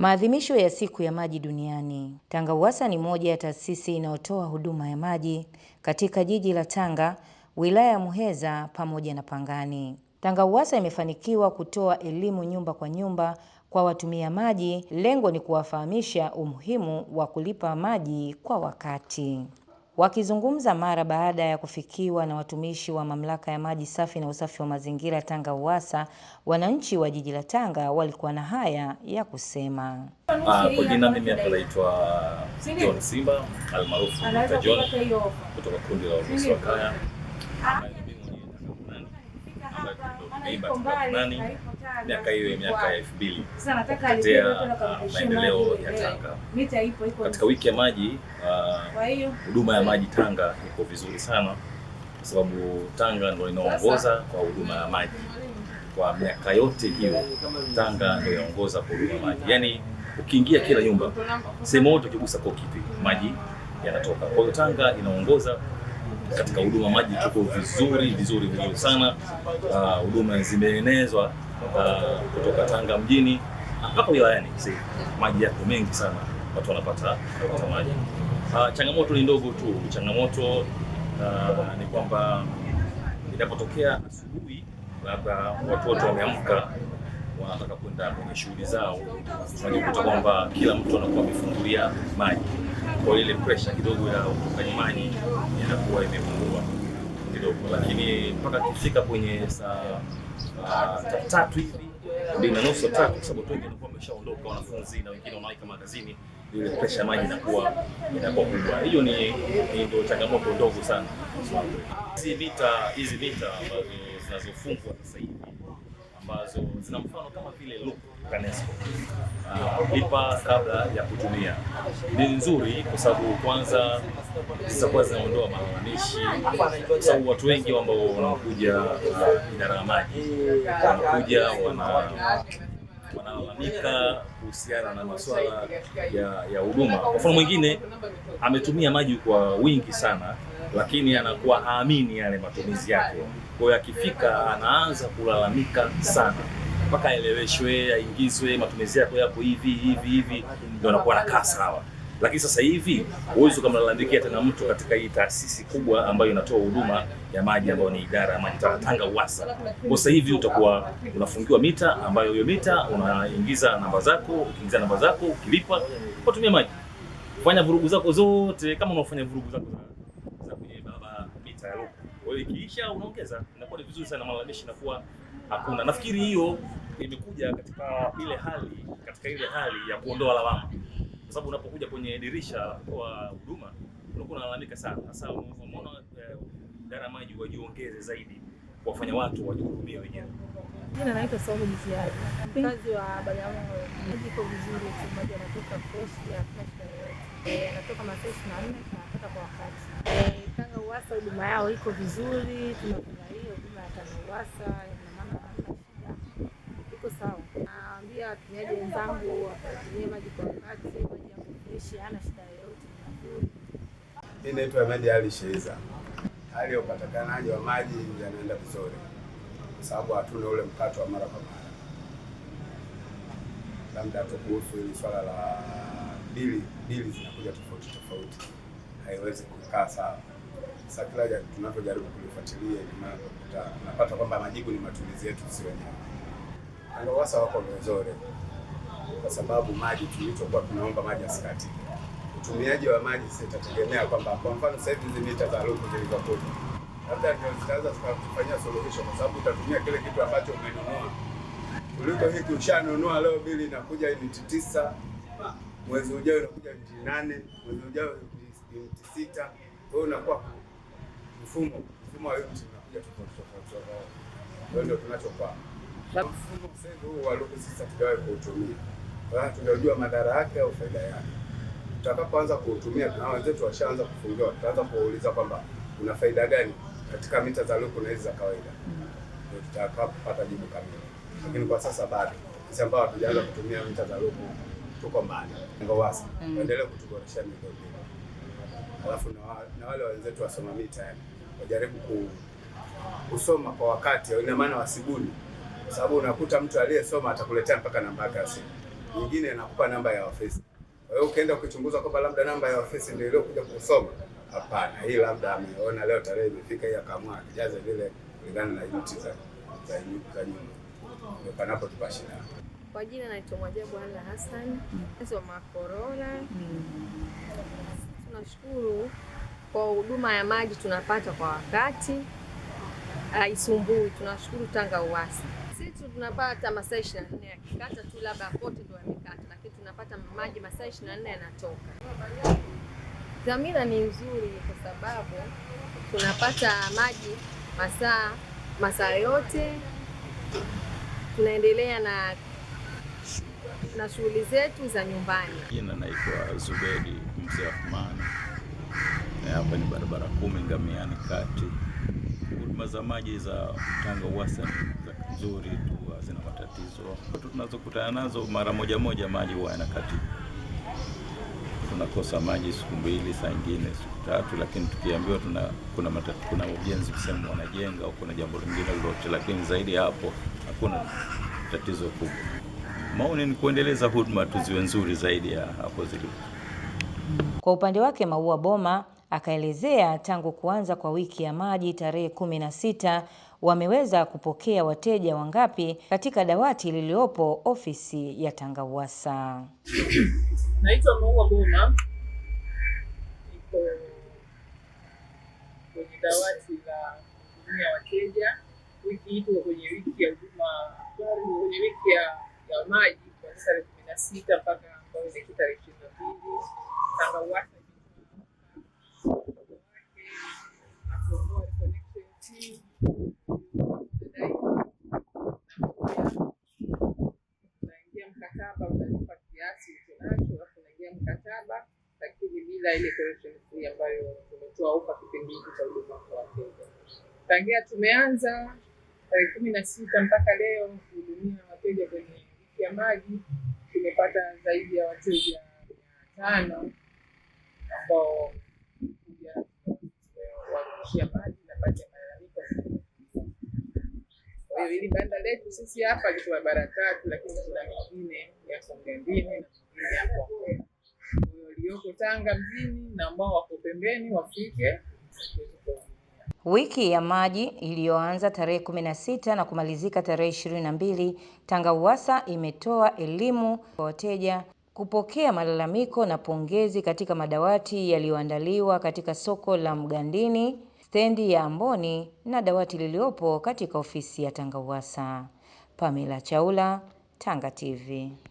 Maadhimisho ya siku ya maji duniani. Tanga Uwasa ni moja ya taasisi inayotoa huduma ya maji katika jiji la Tanga, wilaya ya Muheza pamoja na Pangani. Tanga Uwasa imefanikiwa kutoa elimu nyumba kwa nyumba kwa watumia maji. Lengo ni kuwafahamisha umuhimu wa kulipa maji kwa wakati. Wakizungumza mara baada ya kufikiwa na watumishi wa mamlaka ya maji safi na usafi wa mazingira Tanga UWASA, wananchi wa jiji la Tanga walikuwa na haya ya kusema. Ah, kwa jina mimi naitwa John Simba almaarufu John kutoka kundi la wa kaya Imani miaka hiyo miaka ya elfu mbili uh, maendeleo ya eh, Tanga. Katika wiki ya maji, uh, huduma ya eh. maji Tanga iko vizuri sana, kwa sababu Tanga ndo inaongoza kwa huduma ya maji kwa miaka yote hiyo. Tanga ndo inaongoza kwa huduma ya maji, yaani ukiingia kila nyumba, sehemu yote ukigusa kipi maji yanatoka. Kwa hiyo Tanga inaongoza katika huduma maji tuko vizuri vizuri vizuri sana. Ah, huduma uh, zimeenezwa uh, kutoka Tanga mjini mpaka wilayani, maji yako mengi sana, watu wanapata maji. Uh, changamoto ni ndogo tu. Changamoto uh, ni kwamba inapotokea asubuhi, labda watu wote wameamka wanataka kwenda kwenye shughuli zao, unajikuta kwamba kila mtu anakuwa amefungulia maji kwa ile pressure kidogo ya maji inakuwa imepungua kidogo, lakini mpaka kifika kwenye saa uh, tatu hivi mbili na nusu tatu, kwa sababu wengi wanakuwa wameshaondoka wanafunzi na wengine wanawaika magazini, ile pressure maji inakuwa inakuwa kubwa. Hiyo ni ndio changamoto ndogo sana hizi mita hizi mita ambazo zinazofungwa sasa hivi ambazo zina mfano kama vile loop Uh, ah, lipa kabla ya kutumia ni nzuri kwa sababu kwanza zitakuwa zinaondoa malalamishi, kwa sababu watu wengi ambao wanakuja ah, idara ya maji wanakuja wana wanalalamika kuhusiana na masuala ya huduma. Kwa mfano mwingine ametumia maji kwa wingi sana, lakini anakuwa haamini yale matumizi yake kwa akifika anaanza kulalamika sana mpaka aeleweshwe, aingizwe, matumizi yako yako hivi hivi hivi, ndio anakuwa nakaa sawa. Lakini sasa hivi huwezi ukamlalamikia tena mtu katika hii taasisi kubwa ambayo inatoa huduma ya maji ambayo ni idara ya maji Tanga UWASA. Kwa sasa hivi utakuwa unafungiwa mita ambayo hiyo mita unaingiza namba zako, ukiingiza namba zako ukilipa unatumia maji. Fanya vurugu zako zote kama unafanya vurugu zako za kwenye baba mita ya kwa hiyo ikiisha unaongeza, inakuwa ni vizuri sana, malalamishi inakuwa hakuna. Nafikiri hiyo imekuja katika ile hali katika ile hali ya kuondoa lawama, kwa sababu unapokuja kwenye dirisha kwa huduma unakuwa unalalamika sana, hasa unaona eh, ya maji wajiongeze zaidi kuwafanya watu wajihudumia wenyewe. Jina naitwa Saumu Mziaji, mkazi wa Bagamoyo. Maji Iko vizuri, tu, maji yanatoka fresh ya fresh, anatoka eh, masaa ishirini na nne tunatoka kwa wakati Tanga Uwasa huduma yao iko vizuri, tunafurahia huduma ya Tanga Uwasa, ina maana hakuna shida, iko sawa. Naambia watumiaji wenzangu watumie maji kwa wakati, maji ya kufreshi, hana shida yoyote. Mimi naitwa Maji Ali Sheiza. Hali ya upatikanaji wa maji yanaenda vizuri, kwa sababu hatuna ule mkato wa mara kwa mara. Labda tu kuhusu hili swala la bili, bili zinakuja tofauti tofauti, haiwezi kukaa sawa sasa kila tunapojaribu kulifuatilia tunapata kwamba majibu ni matumizi yetu sisi wenyewe. ANDOWASA wako Rwenzori kwa sababu maji tulichokuwa tunaomba maji asikati. Utumiaji wa maji sisi tutategemea kwamba kwa mfano sasa hivi hizi mita za luku zilizokuja, labda ndio zitaweza kufanyia suluhisho, kwa sababu utatumia kile kitu ambacho umenunua kuliko hiki ushanunua leo, bili inakuja unit tisa, mwezi ujao inakuja unit nane, mwezi ujao unit sita, kwa hiyo unakuwa mfumo mfumo wa elimu unakuja tofauti tofauti, hiyo ndio tunachopaa mfumo msendo huu wa ruku. Sisi hatujawahi kuutumia, hatujajua madhara yake au faida yake. Tutakapoanza kuutumia na wenzetu washaanza kufungiwa, tutaanza kuwauliza kwamba una faida gani katika mita za ruku na hizi za kawaida, ndio tutakapopata jibu kamili, lakini kwa sasa bado sisi ambao hatujaanza kutumia mita za ruku tuko mbali. Ngo wasa mm. endelee kutuboresha miundombinu alafu na wale wenzetu wasoma mita yani wajaribu kusoma kwa wakati, ina maana wasibuni, kwa sababu unakuta mtu aliyesoma atakuletea mpaka namba yake ya simu, nyingine anakupa namba ya ofisi. Kwa hiyo ukienda ukichunguza kwamba labda namba ya ofisi ndio iliyokuja kusoma, hapana, hii labda ameona leo tarehe imefika, hii akaamua akijaza vile kulingana na yuti za za nyuma, ndio panapo tupashina. Kwa jina naitwa Mwajabu Alla Hassan, mm. nasoma Korora. Mm. Tunashukuru kwa huduma ya maji tunapata kwa wakati, haisumbui. Tunashukuru Tanga Uwasa. Sisi tunapata masaa 24 yakikata tu, labda kote ndio yamekata, lakini tunapata maji masaa 24 yanatoka. Dhamira ni nzuri kwa sababu tunapata maji masaa masaa yote, tunaendelea na na shughuli zetu za nyumbani. Jina naitwa Zubedi Mzee Afumani, eh, hapa ni barabara kumi Ngamiani kati. Huduma za maji za Tanga Uwasa nzuri tu, hazina matatizo. Tunazokutana nazo mara moja moja, maji huwa yanakatika, tunakosa maji siku mbili, saa nyingine siku tatu, lakini tukiambiwa tuna kuna matatizo, kuna ujenzi kusema wanajenga au kuna jambo lingine lolote, lakini zaidi hapo hakuna tatizo kubwa maoni ni kuendeleza huduma tu ziwe nzuri zaidi ya hapo zilipo. Kwa upande wake Maua Boma akaelezea tangu kuanza kwa wiki ya maji tarehe kumi na sita wameweza kupokea wateja wangapi katika dawati lililopo ofisi ya Tangawasa. Naitwa Maua Boma, niko kwenye dawati la kuhudumia wateja. Wiki hii tuko kwenye wiki ya huduma, kwenye wiki ya ya maji kuanzia tarehe kumi na sita mpaka mapumziko tarehe ishirini na mbili Tangawake unaingia mkataba unalipa kiasi ulichonacho, alafu unaingia mkataba lakini bila ile collection fee ambayo tumetoa upa kipindi hiki cha huduma kwa wateja. Tangia tumeanza tarehe kumi na sita mpaka leo kuhudumia wateja kwenye ya maji tumepata zaidi ya wateja mia tano ambao kuja maji na baadhi ya malalamiko. Kwa hiyo hili banda letu sisi hapa liko barabara tatu, lakini kuna mingine ya Songea mbili na kwa hiyo walioko Tanga mjini na ambao wako pembeni wafike Wiki ya maji iliyoanza tarehe 16 na kumalizika tarehe 22, Tanga Uwasa imetoa elimu kwa wateja kupokea malalamiko na pongezi katika madawati yaliyoandaliwa katika soko la Mgandini, stendi ya Amboni na dawati lililopo katika ofisi ya Tanga Uwasa. Pamela Chaula, Tanga TV.